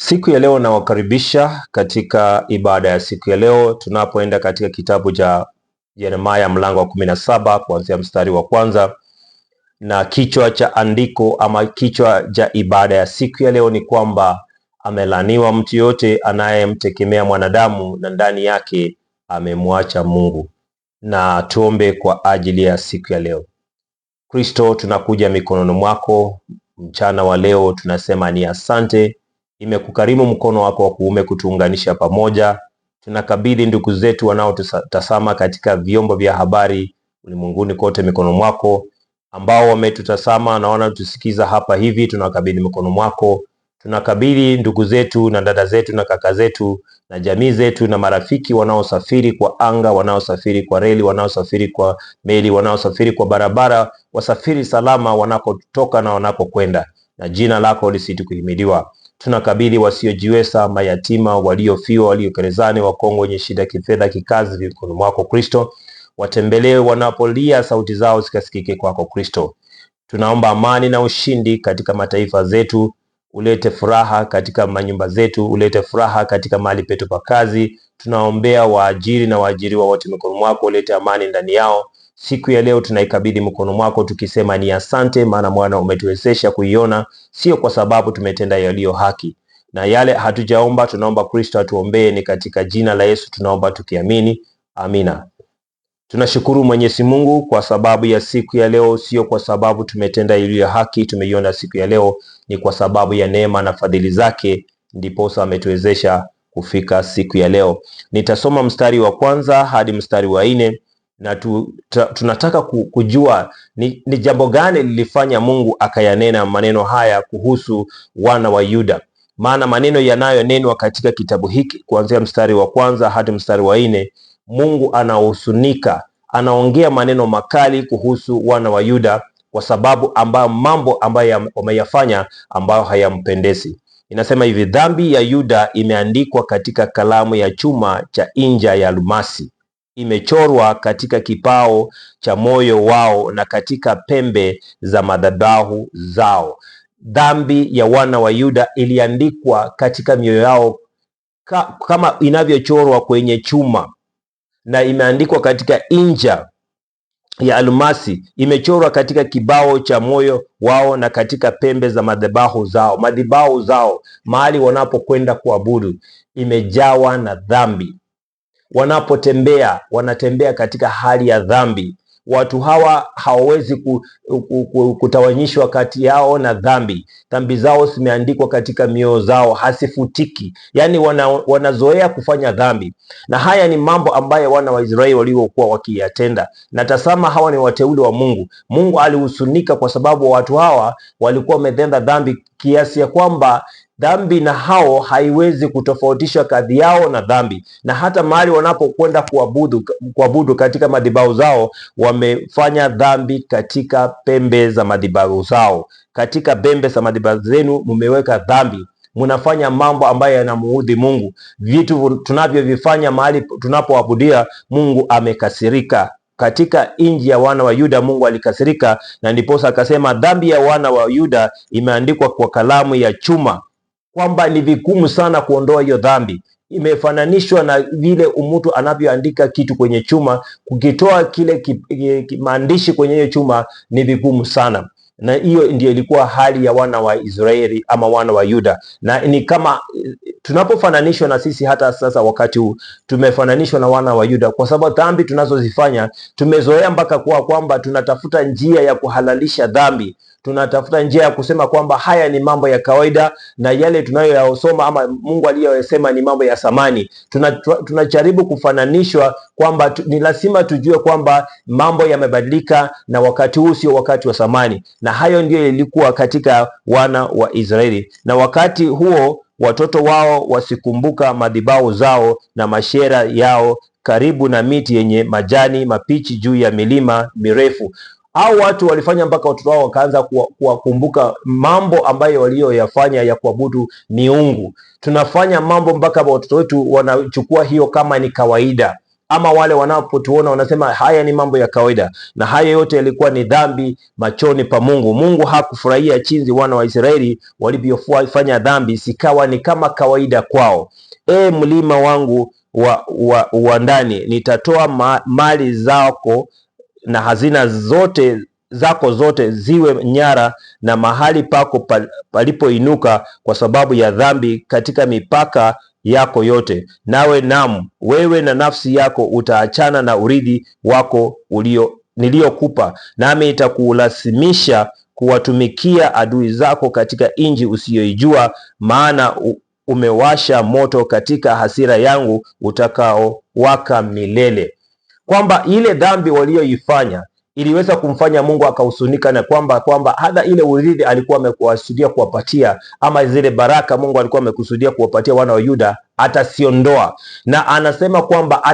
Siku ya leo nawakaribisha katika ibada ya siku ya leo tunapoenda katika kitabu cha ja Yeremia mlango wa kumi na saba kuanzia mstari wa kwanza, na kichwa cha andiko ama kichwa cha ja ibada ya siku ya leo ni kwamba amelaniwa mtu yote anayemtegemea mwanadamu na ndani yake amemwacha Mungu. Na tuombe kwa ajili ya siku ya leo. Kristo, tunakuja mikononi mwako mchana wa leo, tunasema ni asante imekukarimu mkono wako wa kuume kutuunganisha pamoja. Tunakabidhi ndugu zetu wanaotutazama katika vyombo vya habari ulimwenguni kote mikono mwako, ambao wametutazama na wanatusikiza hapa hivi, tunakabidhi mikono mwako. Tunakabidhi ndugu zetu na dada zetu na kaka zetu na jamii zetu na marafiki wanaosafiri kwa anga, wanaosafiri kwa reli, wanaosafiri kwa meli, wanaosafiri kwa barabara, wasafiri salama wanakotoka na wanakokwenda, na jina lako lisitukuhimidiwa tunakabidhi wasiojiweza, mayatima, waliofiwa, walio gerezani, wakongwe wenye shida kifedha, kikazi, mikononi mwako Kristo. Watembelee wanapolia, sauti zao zikasikike kwako Kristo. Tunaomba amani na ushindi katika mataifa zetu, ulete furaha katika manyumba zetu, ulete furaha katika mahali petu pa kazi. Tunaombea waajiri na waajiriwa wote mikononi mwako, ulete amani ndani yao Siku ya leo tunaikabidhi mkono mwako tukisema ni asante, maana mwana umetuwezesha kuiona, sio kwa sababu tumetenda yaliyo haki na yale hatujaomba. Tunaomba Kristo atuombee, ni katika jina la Yesu tunaomba tukiamini, amina. Tunashukuru Mwenyezi Mungu kwa sababu ya siku ya leo, sio kwa sababu tumetenda iliyo haki. Tumeiona siku ya leo ni kwa sababu ya neema na fadhili zake, ndiposa ametuwezesha kufika siku ya leo. Nitasoma mstari wa kwanza hadi mstari wa nne na tu, ta, tunataka kujua ni, ni jambo gani lilifanya Mungu akayanena maneno haya kuhusu wana wa Yuda, maana maneno yanayonenwa katika kitabu hiki kuanzia mstari wa kwanza hadi mstari wa nne, Mungu anahusunika, anaongea maneno makali kuhusu wana wa Yuda kwa sababu ambayo mambo ambayo wameyafanya ambayo hayampendezi. Inasema hivi, dhambi ya Yuda imeandikwa katika kalamu ya chuma cha inja ya lumasi imechorwa katika kipao cha moyo wao na katika pembe za madhabahu zao. Dhambi ya wana wa Yuda iliandikwa katika mioyo yao ka, kama inavyochorwa kwenye chuma na imeandikwa katika inja ya almasi imechorwa katika kibao cha moyo wao na katika pembe za madhabahu zao. Madhabahu zao mahali wanapokwenda kuabudu imejawa na dhambi wanapotembea wanatembea katika hali ya dhambi. Watu hawa hawawezi ku, ku, ku, kutawanyishwa kati yao na dhambi. Dhambi zao zimeandikwa katika mioyo zao, hasifutiki. Yaani wana, wanazoea kufanya dhambi, na haya ni mambo ambayo wana wa Israeli waliokuwa wakiyatenda. Na tasama hawa ni wateule wa Mungu. Mungu alihusunika kwa sababu watu hawa walikuwa wametenda dhambi kiasi ya kwamba dhambi na hao haiwezi kutofautisha kadhi yao na dhambi, na hata mahali wanapokwenda kuabudu, kuabudu katika madhabahu zao wamefanya dhambi katika pembe za madhabahu zao. Katika pembe za madhabahu zenu mmeweka dhambi, mnafanya mambo ambayo yanamuudhi Mungu. Vitu tunavyovifanya mahali tunapoabudia Mungu amekasirika. Katika nchi ya wana wa Yuda Mungu alikasirika, na ndiposa akasema dhambi ya wana wa Yuda imeandikwa kwa kalamu ya chuma kwamba ni vigumu sana kuondoa hiyo dhambi. Imefananishwa na vile mtu anavyoandika kitu kwenye chuma, kukitoa kile ki, ki, ki, maandishi kwenye hiyo chuma ni vigumu sana na hiyo ndio ilikuwa hali ya wana wa Israeli ama wana wa Yuda, na ni kama tunapofananishwa na sisi. Hata sasa wakati huu tumefananishwa na wana wa Yuda kwa sababu dhambi tunazozifanya tumezoea mpaka kuwa kwamba tunatafuta njia ya kuhalalisha dhambi tunatafuta njia ya kusema kwamba haya ni mambo ya kawaida na yale tunayoyasoma ama Mungu aliyoyasema ni mambo ya samani. Tunajaribu tuna kufananishwa kwamba tu, ni lazima tujue kwamba mambo yamebadilika na wakati huu sio wakati wa samani, na hayo ndiyo ilikuwa katika wana wa Israeli, na wakati huo watoto wao wasikumbuka madhibao zao na mashera yao karibu na miti yenye majani mapichi juu ya milima mirefu au watu walifanya mpaka watoto wao wakaanza kuwakumbuka mambo ambayo waliyoyafanya ya kuabudu miungu. Tunafanya mambo mpaka watoto wetu wanachukua hiyo kama ni kawaida, ama wale wanapotuona wanasema haya ni mambo ya kawaida, na haya yote yalikuwa ni dhambi machoni pa Mungu. Mungu hakufurahia chinzi wana wa Israeli walivyofanya dhambi, sikawa ni kama kawaida kwao. E mlima wangu wa, wa, wa ndani nitatoa ma, mali zako na hazina zote zako zote ziwe nyara na mahali pako palipoinuka kwa sababu ya dhambi katika mipaka yako yote, nawe nam wewe na nafsi yako utaachana na urithi wako ulio niliyokupa, nami nitakulazimisha kuwatumikia adui zako katika nchi usiyoijua, maana umewasha moto katika hasira yangu utakaowaka milele kwamba ile dhambi waliyoifanya iliweza kumfanya Mungu akahusunika na kwamba kwamba hata ile urithi alikuwa amekusudia kuwapatia ama zile baraka Mungu alikuwa amekusudia kuwapatia wana wa Yuda atasiondoa, na anasema kwamba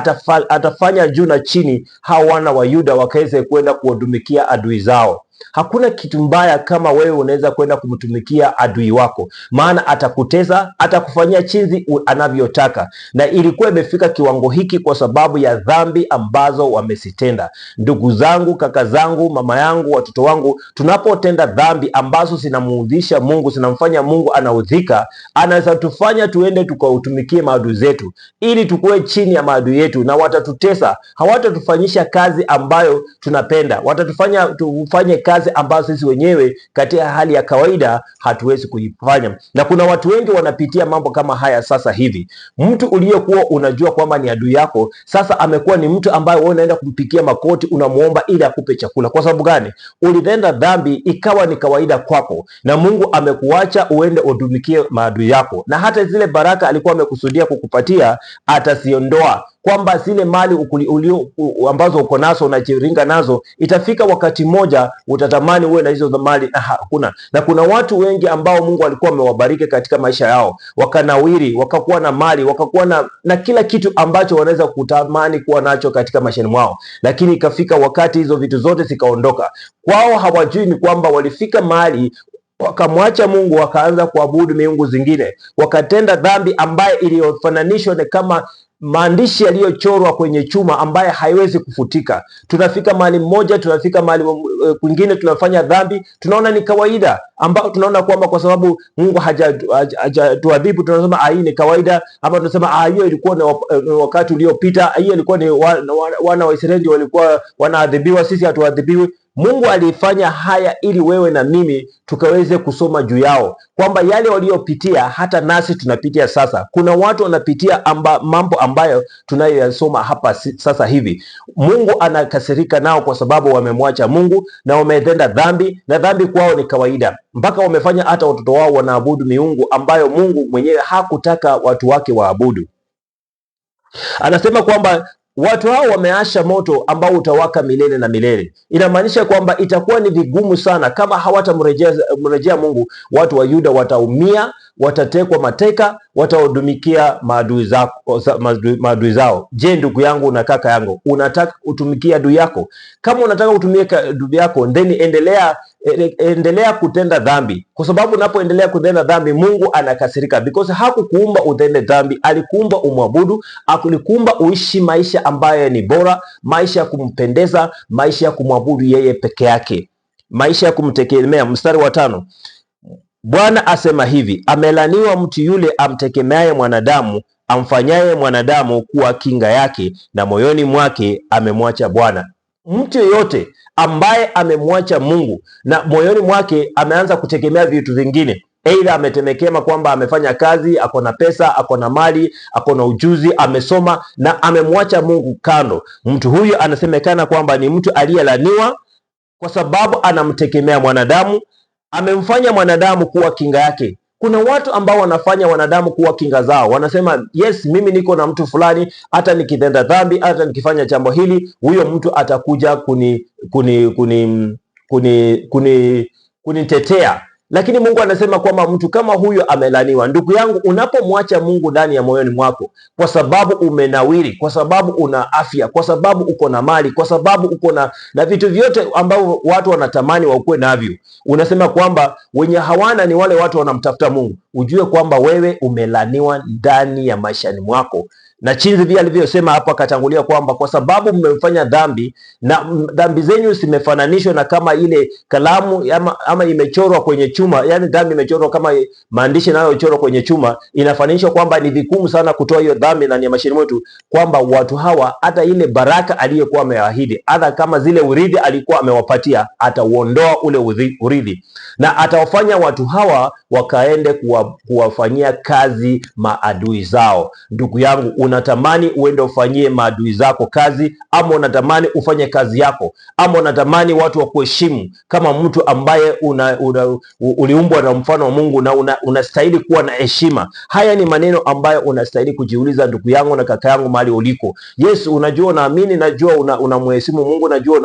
atafanya juu na chini hao wana wa Yuda wakaweze kwenda kuwadumikia adui zao. Hakuna kitu mbaya kama wewe unaweza kwenda kumtumikia adui wako, maana atakutesa, atakufanyia chinzi anavyotaka, na ilikuwa imefika kiwango hiki kwa sababu ya dhambi ambazo wamezitenda. Ndugu zangu, kaka zangu, mama yangu, watoto wangu, tunapotenda dhambi ambazo zinamuudhisha Mungu, zinamfanya Mungu anaudhika, anaweza tufanya tuende tukautumikie maadui zetu, ili tukuwe chini ya maadui yetu, na watatutesa, hawatatufanyisha kazi ambayo tunapenda, watatufanya tufanye kazi ambazo sisi wenyewe katika hali ya kawaida hatuwezi kuifanya, na kuna watu wengi wanapitia mambo kama haya sasa hivi. Mtu uliyekuwa unajua kwamba ni adui yako sasa amekuwa ni mtu ambaye wewe unaenda kumpikia makoti, unamuomba ili akupe chakula. Kwa sababu gani? Ulitenda dhambi ikawa ni kawaida kwako, na Mungu amekuacha uende udumikie maadui yako, na hata zile baraka alikuwa amekusudia kukupatia atasiondoa kwamba zile mali ukuli, uli, u, ambazo uko nazo unajiringa nazo, itafika wakati mmoja utatamani uwe na hizo mali na hakuna. Na kuna watu wengi ambao Mungu alikuwa amewabariki katika maisha yao, wakanawiri, wakakuwa na mali, wakakuwa na, na kila kitu ambacho wanaweza kutamani kuwa nacho katika maishani mwao, lakini ikafika wakati hizo vitu zote zikaondoka kwao. Hawajui ni kwamba walifika mahali wakamwacha Mungu wakaanza kuabudu miungu zingine, wakatenda dhambi ambaye iliyofananishwa kama maandishi yaliyochorwa kwenye chuma ambaye haiwezi kufutika. Tunafika mahali mmoja, tunafika mahali eh, kwingine, tunafanya dhambi, tunaona ni kawaida, ambao tunaona kwamba kwa sababu Mungu hajatuadhibu tunasema ah, hii ni kawaida, ama tunasema ah, hiyo ilikuwa eh, ni wakati uliopita, hiyo ilikuwa ni wana wa Israeli walikuwa wanaadhibiwa, sisi hatuadhibiwi. Mungu alifanya haya ili wewe na mimi tukaweze kusoma juu yao, kwamba yale waliyopitia hata nasi tunapitia sasa. Kuna watu wanapitia amba, mambo ambayo tunayoyasoma hapa sasa hivi. Mungu anakasirika nao kwa sababu wamemwacha Mungu na wametenda dhambi, na dhambi kwao ni kawaida, mpaka wamefanya hata watoto wao wanaabudu miungu ambayo Mungu mwenyewe hakutaka watu wake waabudu. Anasema kwamba watu hao wameasha moto ambao utawaka milele na milele. Inamaanisha kwamba itakuwa ni vigumu sana kama hawatamrejea Mungu. Watu wa Yuda wataumia, watatekwa mateka, watahudumikia maadui zao. Je, ndugu yangu na kaka yangu, unataka utumikie adui yako? Kama unataka utumie adui yako, then endelea E, e, endelea kutenda dhambi, kwa sababu unapoendelea kutenda dhambi Mungu anakasirika, because hakukuumba utende dhambi, alikuumba umwabudu, alikuumba uishi maisha ambayo ni bora, maisha ya kumpendeza, maisha ya kumwabudu yeye peke yake, maisha ya kumtegemea. Mstari wa tano, Bwana asema hivi, amelaniwa mtu yule amtegemeaye mwanadamu amfanyaye mwanadamu kuwa kinga yake, na moyoni mwake amemwacha Bwana. Mtu yeyote ambaye amemwacha Mungu na moyoni mwake ameanza kutegemea vitu vingine Aidha ametemekema kwamba amefanya kazi, ako na pesa, ako na mali, ako na ujuzi, amesoma na amemwacha Mungu kando. Mtu huyu anasemekana kwamba ni mtu aliyelaniwa kwa sababu anamtegemea mwanadamu, amemfanya mwanadamu kuwa kinga yake, kuna watu ambao wanafanya wanadamu kuwa kinga zao, wanasema yes, mimi niko na mtu fulani, hata nikitenda dhambi, hata nikifanya jambo hili, huyo mtu atakuja kuni kuni kuni kuni kunitetea kuni lakini Mungu anasema kwamba mtu kama huyo amelaniwa. Ndugu yangu, unapomwacha Mungu ndani ya moyoni mwako, kwa sababu umenawiri, kwa sababu una afya, kwa sababu uko na mali, kwa sababu uko na na vitu vyote ambavyo watu wanatamani waukuwe navyo, unasema kwamba wenye hawana ni wale watu wanamtafuta Mungu. Ujue kwamba wewe umelaniwa ndani ya maishani mwako na chinzi vile alivyosema hapo, akatangulia kwamba kwa sababu mmemfanya dhambi na dhambi zenyu zimefananishwa na kama ile kalamu ama, ama imechorwa kwenye chuma, yani dhambi imechorwa kama maandishi yanayochorwa kwenye chuma, inafananishwa kwamba ni vigumu sana kutoa hiyo dhambi ndani ya mashini mwetu, kwamba watu hawa hata ile baraka aliyokuwa ameahidi, hata kama zile urithi alikuwa amewapatia, atauondoa ule urithi na atawafanya watu hawa wakaende kuwafanyia kazi maadui zao. Ndugu yangu unatamani uende ufanyie maadui zako kazi, ama unatamani ufanye kazi yako, ama unatamani watu wakuheshimu kama mtu ambaye una, una, uliumbwa na mfano wa Mungu na unastahili una kuwa na heshima. Haya ni maneno ambayo unastahili kujiuliza, ndugu yangu na kaka yangu, mahali uliko. Yes, unajua unaamini, najua unamheshimu una Mungu, najua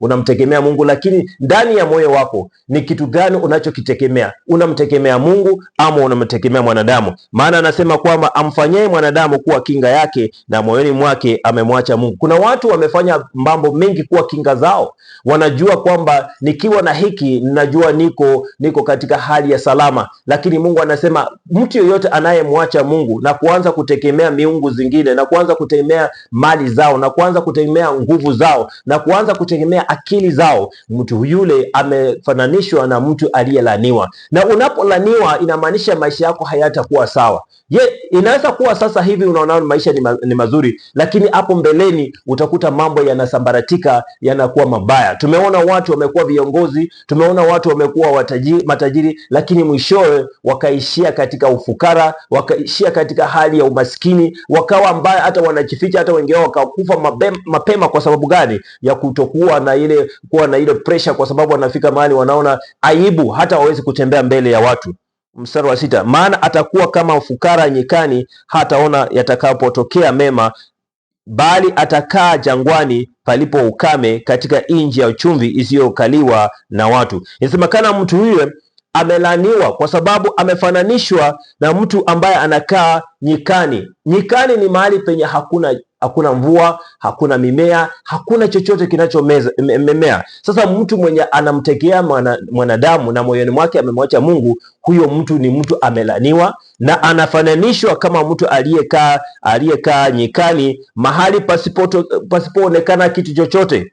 unamtegemea una, una Mungu, lakini ndani ya moyo wako ni kitu gani unachokitegemea? Unamtegemea Mungu ama unamtegemea mwanadamu? Maana anasema kwamba amfanyaye mwanadamu mambo kuwa kinga yake na moyoni mwake amemwacha Mungu. Kuna watu wamefanya mambo mengi kuwa kinga zao, wanajua kwamba nikiwa na hiki ninajua niko niko katika hali ya salama, lakini Mungu anasema mtu yoyote anayemwacha Mungu na kuanza kutegemea miungu zingine na kuanza kutegemea mali zao na kuanza kutegemea nguvu zao na kuanza kutegemea akili zao, mtu yule amefananishwa na mtu aliyelaniwa, na unapolaniwa inamaanisha maisha yako hayatakuwa sawa. Ye, inaweza kuwa sasa hivi unaona maisha ni, ma, ni mazuri, lakini hapo mbeleni utakuta mambo yanasambaratika yanakuwa mabaya. Tumeona watu wamekuwa viongozi, tumeona watu wamekuwa matajiri, lakini mwishowe wakaishia katika ufukara, wakaishia katika hali ya umaskini, wakawa mbaya, hata wanajificha, hata wengine wakakufa mapema, mapema. Kwa sababu gani? Ya kutokuwa na ile kuwa na ile pressure, kwa sababu wanafika mahali wanaona aibu, hata wawezi kutembea mbele ya watu mstari wa sita, maana atakuwa kama fukara nyikani, hataona yatakapotokea mema, bali atakaa jangwani palipo ukame, katika nchi ya chumvi isiyokaliwa na watu. Inasemekana mtu huyo amelaniwa kwa sababu amefananishwa na mtu ambaye anakaa nyikani. Nyikani ni mahali penye hakuna hakuna mvua, hakuna mimea, hakuna chochote kinachomemea. Sasa mtu mwenye anamtegea mwanadamu mwana na moyoni mwake amemwacha Mungu, huyo mtu ni mtu amelaniwa na anafananishwa kama mtu aliyekaa aliyekaa nyikani mahali pasipoto pasipoonekana kitu chochote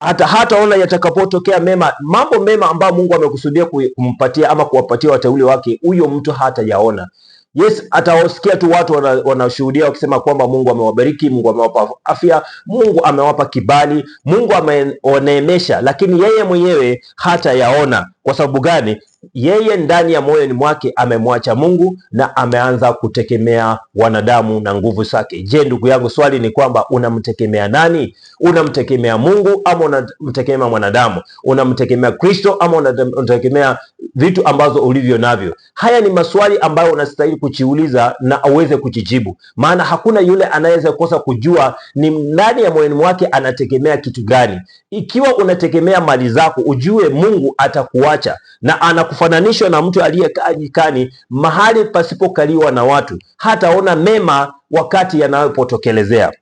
hata hataona yatakapotokea mema. Mambo mema ambayo Mungu amekusudia kumpatia ama kuwapatia wateule wake, huyo mtu hatayaona. Yes, atawasikia tu watu wanashuhudia wana wakisema kwamba Mungu amewabariki, Mungu amewapa afya, Mungu amewapa kibali, Mungu ameoneemesha, lakini yeye mwenyewe hata yaona. Kwa sababu gani? yeye ndani ya moyoni mwake amemwacha Mungu na ameanza kutegemea wanadamu na nguvu zake. Je, ndugu yangu, swali ni kwamba unamtegemea nani? Unamtegemea Mungu ama unamtegemea mwanadamu? Unamtegemea Kristo ama unamtegemea vitu ambazo ulivyo navyo? Haya ni maswali ambayo unastahili kujiuliza na aweze kujijibu, maana hakuna yule anayeweza kukosa kujua ni ndani ya moyoni mwake anategemea kitu gani. Ikiwa unategemea mali zako, ujue Mungu atakuacha na anaku kufananishwa na mtu aliyekaa jikani, mahali pasipokaliwa na watu, hataona mema wakati yanapotokelezea.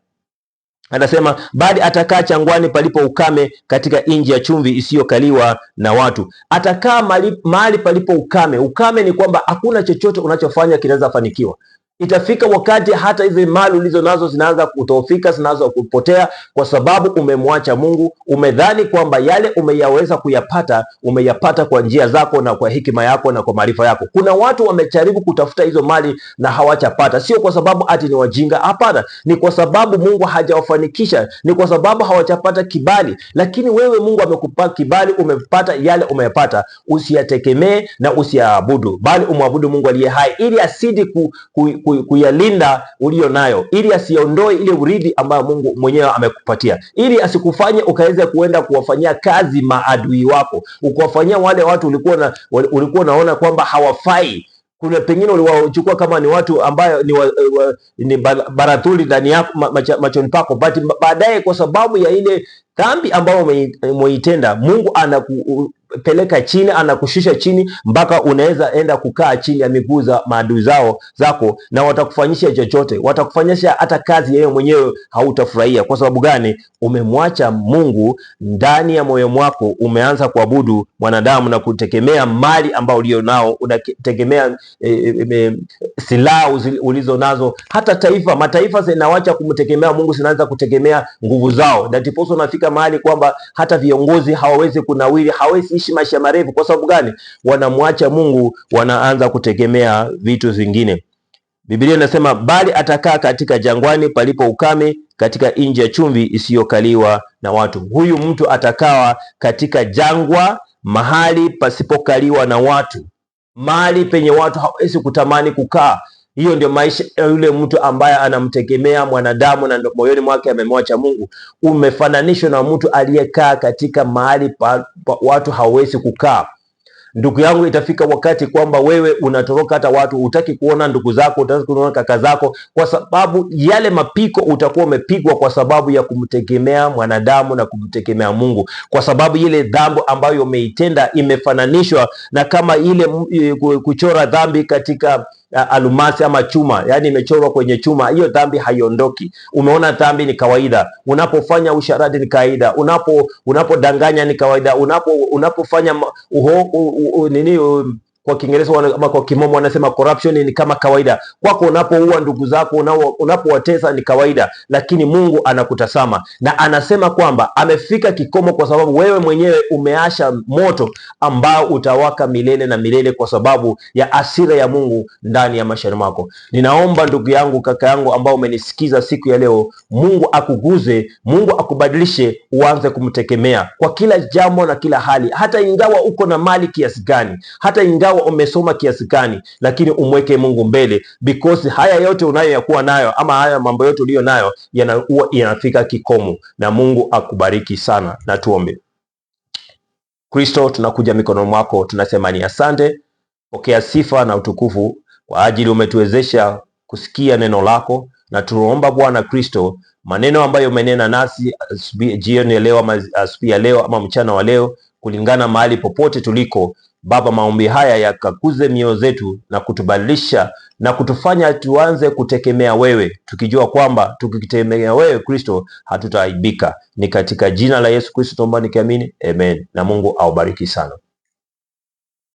Anasema bali atakaa changwani palipo ukame, katika nchi ya chumvi isiyokaliwa na watu. Atakaa mahali palipo ukame. Ukame ni kwamba hakuna chochote unachofanya kinaweza fanikiwa. Itafika wakati hata hizi mali ulizo nazo zinaanza kutofika, zinaanza kupotea, kwa sababu umemwacha Mungu. Umedhani kwamba yale umeyaweza kuyapata umeyapata kwa njia zako na kwa hekima yako na kwa maarifa yako. Kuna watu wamejaribu kutafuta hizo mali na hawachapata, sio kwa sababu ati ni wajinga, hapana, ni kwa sababu Mungu hajawafanikisha, ni kwa sababu hawajapata kibali. Lakini wewe Mungu amekupa kibali, umepata yale umeyapata. Usiyategemee na usiyaabudu, bali umwabudu Mungu aliye hai, ili asidi ku, ku kuyalinda uliyo nayo, ili asiondoe ile urithi ambayo Mungu mwenyewe amekupatia, ili asikufanye ukaweze kuenda kuwafanyia kazi maadui wako, ukawafanyia wale watu ulikuwa na, ulikuwa unaona kwamba hawafai kuna pengine uliwachukua kama ni watu ambayo ni, wa, wa, ni barathuli ndani yako machoni pako, but baadaye kwa sababu ya ile dhambi ambayo umeitenda Mungu anaku peleka chini, anakushusha chini mpaka unaweza enda kukaa chini ya miguu za maadui zao zako, na watakufanyisha chochote, watakufanyisha hata kazi yeye mwenyewe hautafurahia. Kwa sababu gani? Umemwacha Mungu ndani ya moyo mwako, umeanza kuabudu mwanadamu na kutegemea mali ambao ulio nao, unategemea e, e, e silaha ulizo nazo. Hata taifa mataifa zinawacha kumtegemea Mungu, zinaanza kutegemea nguvu zao, ndipo unafika mahali kwamba hata viongozi hawawezi kunawili, hawezi wanaishi maisha marefu. Kwa sababu gani? Wanamwacha Mungu, wanaanza kutegemea vitu vingine. Biblia inasema bali atakaa katika jangwani palipo ukame, katika nchi ya chumvi isiyokaliwa na watu. Huyu mtu atakawa katika jangwa, mahali pasipokaliwa na watu, mahali penye watu hawezi kutamani kukaa. Hiyo ndio maisha ya yule mtu ambaye anamtegemea mwanadamu na moyoni mwake amemwacha Mungu. Umefananishwa na mtu aliyekaa katika mahali pa, pa watu hawezi kukaa. Ndugu yangu, itafika wakati kwamba wewe unatoroka, hata watu utaki kuona ndugu zako, utaki kuona kaka zako, kwa sababu yale mapiko utakuwa umepigwa kwa sababu ya kumtegemea mwanadamu na kumtegemea Mungu, kwa sababu ile dhambi ambayo umeitenda imefananishwa na kama ile eh, kuchora dhambi katika almasi ama chuma, yani imechorwa kwenye chuma, hiyo dhambi haiondoki. Umeona, dhambi ni kawaida. Unapofanya usharati ni kawaida, unapo unapodanganya ni kawaida, unapo unapofanya uho, uh, uh, uh, nini uh, kwa Kiingereza ama kwa kimomo wanasema corruption ni kama kawaida kwako. Unapoua ndugu zako, unapowatesa ni kawaida, lakini Mungu anakutazama na anasema kwamba amefika kikomo, kwa sababu wewe mwenyewe umeasha moto ambao utawaka milele na milele, kwa sababu ya asira ya Mungu ndani ya maisha yako. Ninaomba ndugu yangu, kaka yangu, ambao umenisikiza siku ya leo, Mungu akuguze, Mungu akubadilishe, uanze kumtegemea kwa kila jambo na kila hali, hata ingawa uko na mali kiasi gani, hata ingawa ingawa umesoma kiasi gani, lakini umweke Mungu mbele, because haya yote unayoyakuwa nayo ama haya mambo yote uliyo nayo yanakuwa yanafika kikomo. Na Mungu akubariki sana, na tuombe. Kristo, tunakuja mikono mwako, tunasema ni asante. Pokea sifa na utukufu kwa ajili umetuwezesha kusikia neno lako, na tunaomba Bwana Kristo, maneno ambayo umenena nasi jioni ya leo ama asubuhi ya leo ama mchana wa leo, kulingana mahali popote tuliko Baba, maombi haya yakakuze mioyo zetu na kutubadilisha na kutufanya tuanze kutegemea wewe, tukijua kwamba tukitegemea wewe Kristo hatutaaibika. Ni katika jina la Yesu Kristo tunaomba nikiamini, amen. Na Mungu aubariki sana.